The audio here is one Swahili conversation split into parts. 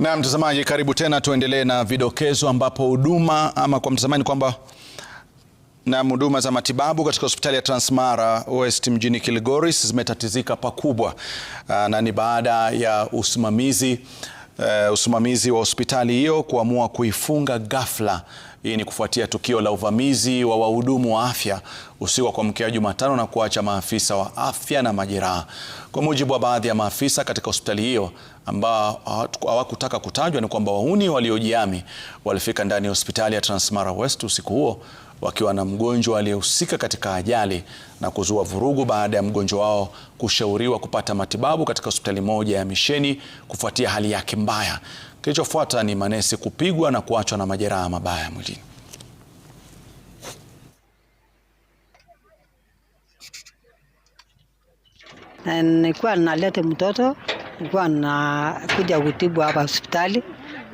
Na mtazamaji, karibu tena, tuendelee na vidokezo ambapo huduma ama kwa mtazamaji kwamba na huduma za matibabu katika hospitali ya Transmara West mjini Kilgoris zimetatizika pakubwa, ah, na ni baada ya usimamizi uh, usimamizi wa hospitali hiyo kuamua kuifunga ghafla. Hii ni kufuatia tukio la uvamizi wa wahudumu wa afya usiku wa kuamkia Jumatano na kuacha maafisa wa afya na majeraha. Kwa mujibu wa baadhi ya maafisa katika hospitali hiyo ambao hawakutaka kutajwa, ni kwamba wahuni waliojihami walifika ndani ya hospitali ya Transmara West usiku huo wakiwa na mgonjwa aliyehusika katika ajali na kuzua vurugu baada ya mgonjwa wao kushauriwa kupata matibabu katika hospitali moja ya Misheni kufuatia hali yake mbaya. Kilichofuata ni manesi kupigwa na kuachwa na majeraha mabaya mwilini. na nilikuwa nalete mtoto, nilikuwa nakuja kutibu hapa hospitali,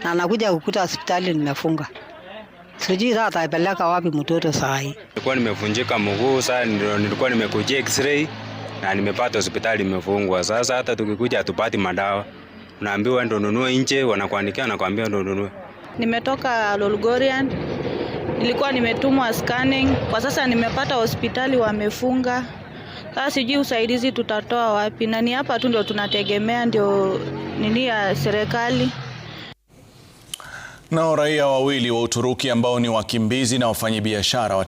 na nakuja kukuta hospitali nimefunga. Sijui sasa atapeleka wapi mtoto saa hii. Nilikuwa nimevunjika mguu, sasa nilikuwa nimekuja x-ray na nimepata hospitali imefungwa. Sasa hata tukikuja hatupati madawa, unaambiwa ndo nunue nje, wanakuandikia wanakuambia ndo nunue. Nimetoka Lolgorian, nilikuwa nimetumwa scanning, kwa sasa nimepata hospitali wamefunga. Sasa sijui usaidizi tutatoa wapi, na ni hapa tu ndio tunategemea ndio nini ya serikali. Nao raia wawili wa Uturuki ambao ni wakimbizi na wafanyabiashara